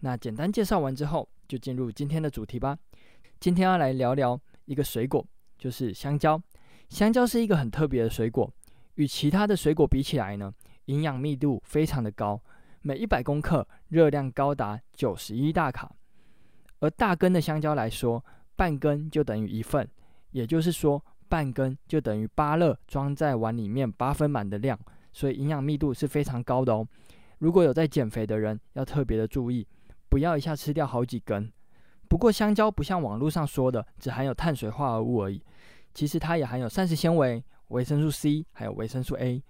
那簡單介紹完之後，就進入今天的主題吧。今天要來聊聊一個水果，就是香蕉。香蕉是一個很特別的水果，與其他的水果比起來呢，營養密度非常的高。每一百公克熱量高達九十一大卡，而大根的香蕉來說，半根就等於一份，也就是說半根就等於八熱裝在碗裡面八分滿的量，所以營養密度是非常高的哦。如果有在減肥的人，要特別的注意。不要一下吃掉好幾根。不過香蕉不像網絡上說的，只含有碳水化合物而已，其實它也含有膳食纖維、維生素 C 還有維生素 A。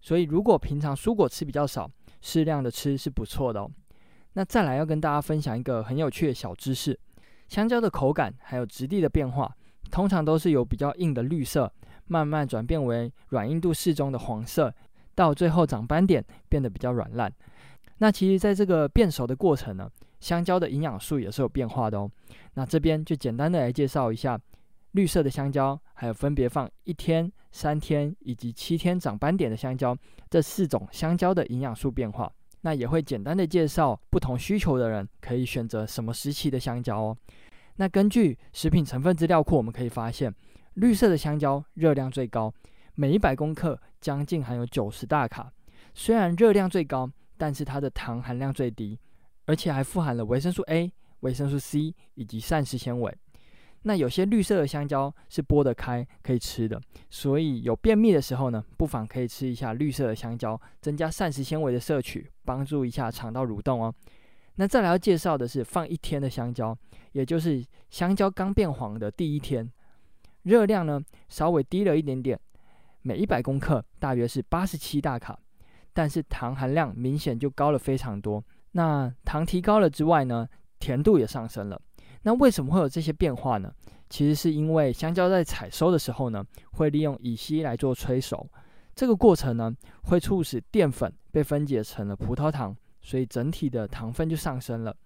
所以如果平常蔬果吃比較少，適量的吃是不錯的哦。那再來要跟大家分享一個很有趣的小知識：香蕉的口感還有質地的變化，通常都是由比較硬的綠色，慢慢轉變為軟硬度適中的黃色，到最後長斑點，變得比較軟爛。那其實，在這個變熟的過程呢，香蕉的營養素也是有變化的哦。那這邊就簡單的來介紹一下，綠色的香蕉，還有分別放一天、三天以及七天長斑點的香蕉，這四種香蕉的營養素變化。那也會簡單的介紹不同需求的人可以選擇什麼時期的香蕉哦。那根據食品成分資料庫，我們可以發現，綠色的香蕉熱量最高，每一百公克將近含有九十大卡。雖然熱量最高，但是它的糖含量最低，而且還富含了維生素 A、維生素 C 以及膳食纖維。那有些綠色的香蕉是剝得開可以吃的，所以有便秘的時候呢，不妨可以吃一下綠色的香蕉，增加膳食纖維的攝取，幫助一下腸道蠕動哦。那再來要介紹的是放一天的香蕉，也就是香蕉剛變黃的第一天，熱量呢稍微低了一點點，每一百公克大約是八十七大卡。但是糖含量明顯就高了非常多。那糖提高了之外呢，甜度也上升了。那為什麼會有這些變化呢？其實是因為香蕉在採收的時候呢，會利用乙烯來做催熟。這個過程呢，會促使澱粉被分解成了葡萄糖，所以整體的糖分就上升了。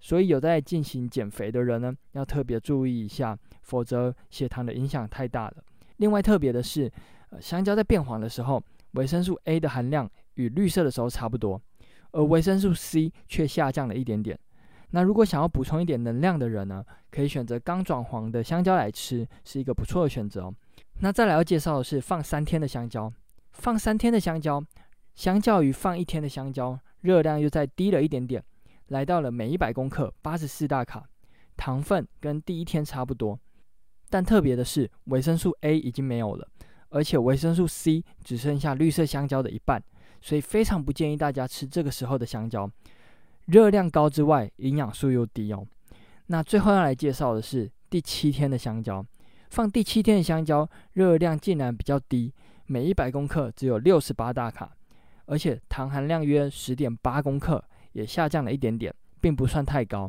所以有在進行減肥的人呢，要特別注意一下，否則血糖的影響太大了。另外特別的是，呃，香蕉在變黃的時候。維生素 A 的含量與綠色的時候差不多，而維生素 C 卻下降了一點點。那如果想要補充一點能量的人呢，可以選擇剛轉黃的香蕉來吃，是一個不錯的選擇哦。那再來要介紹的是放三天的香蕉，放三天的香蕉，相較於放一天的香蕉，熱量又再低了一點點，來到了每一百公克八十四大卡，糖分跟第一天差不多，但特別的是維生素 A 已經沒有了。而且維生素 C 只剩下綠色香蕉的一半，所以非常不建議大家吃這個時候的香蕉。熱量高之外，營養素又低哦。那最後要來介紹的是第七天的香蕉。放第七天的香蕉，熱量竟然比較低，每一百公克只有六十八大卡，而且糖含量約十點八公克，也下降了一點點，並不算太高。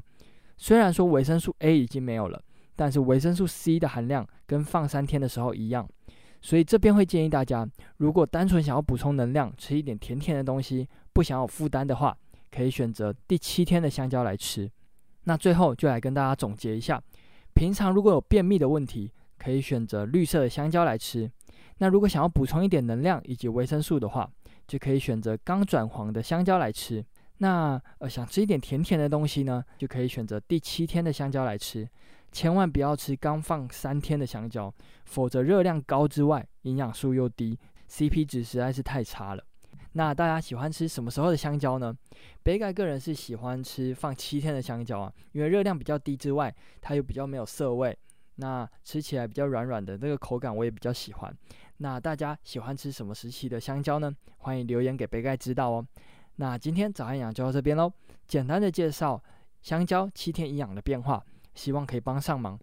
雖然說維生素 A 已經沒有了，但是維生素 C 的含量跟放三天的時候一樣。所以這邊會建議大家，如果單純想要補充能量，吃一點甜甜的東西，不想要負擔的話，可以選擇第七天的香蕉來吃。那最後就來跟大家總結一下，平常如果有便秘的問題，可以選擇綠色的香蕉來吃。那如果想要補充一點能量以及維生素的話，就可以選擇剛轉黃的香蕉來吃。那呃，想吃一點甜甜的東西呢，就可以選擇第七天的香蕉來吃。千萬不要吃剛放三天的香蕉，否則熱量高之外，營養素又低，CP 值實在是太差了。那大家喜歡吃什麼時候的香蕉呢？杯蓋個人是喜歡吃放七天的香蕉啊，因為熱量比較低之外，它又比較沒有澀味，那吃起來比較軟軟的，這、那個口感我也比較喜歡。那大家喜歡吃什麼時期的香蕉呢？歡迎留言給杯蓋知道哦。那今天早安營養就到這邊嘍，簡單的介紹香蕉七天營養的變化。希望可以幫上忙。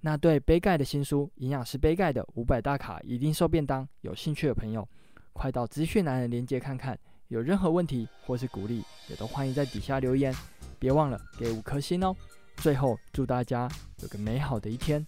那對杯蓋的新書《營養師杯蓋的五百大卡一定瘦便當》，有興趣的朋友，快到資訊欄的鏈接看看。有任何問題或是鼓勵，也都歡迎在底下留言。別忘了給五顆星哦。最後，祝大家有個美好的一天。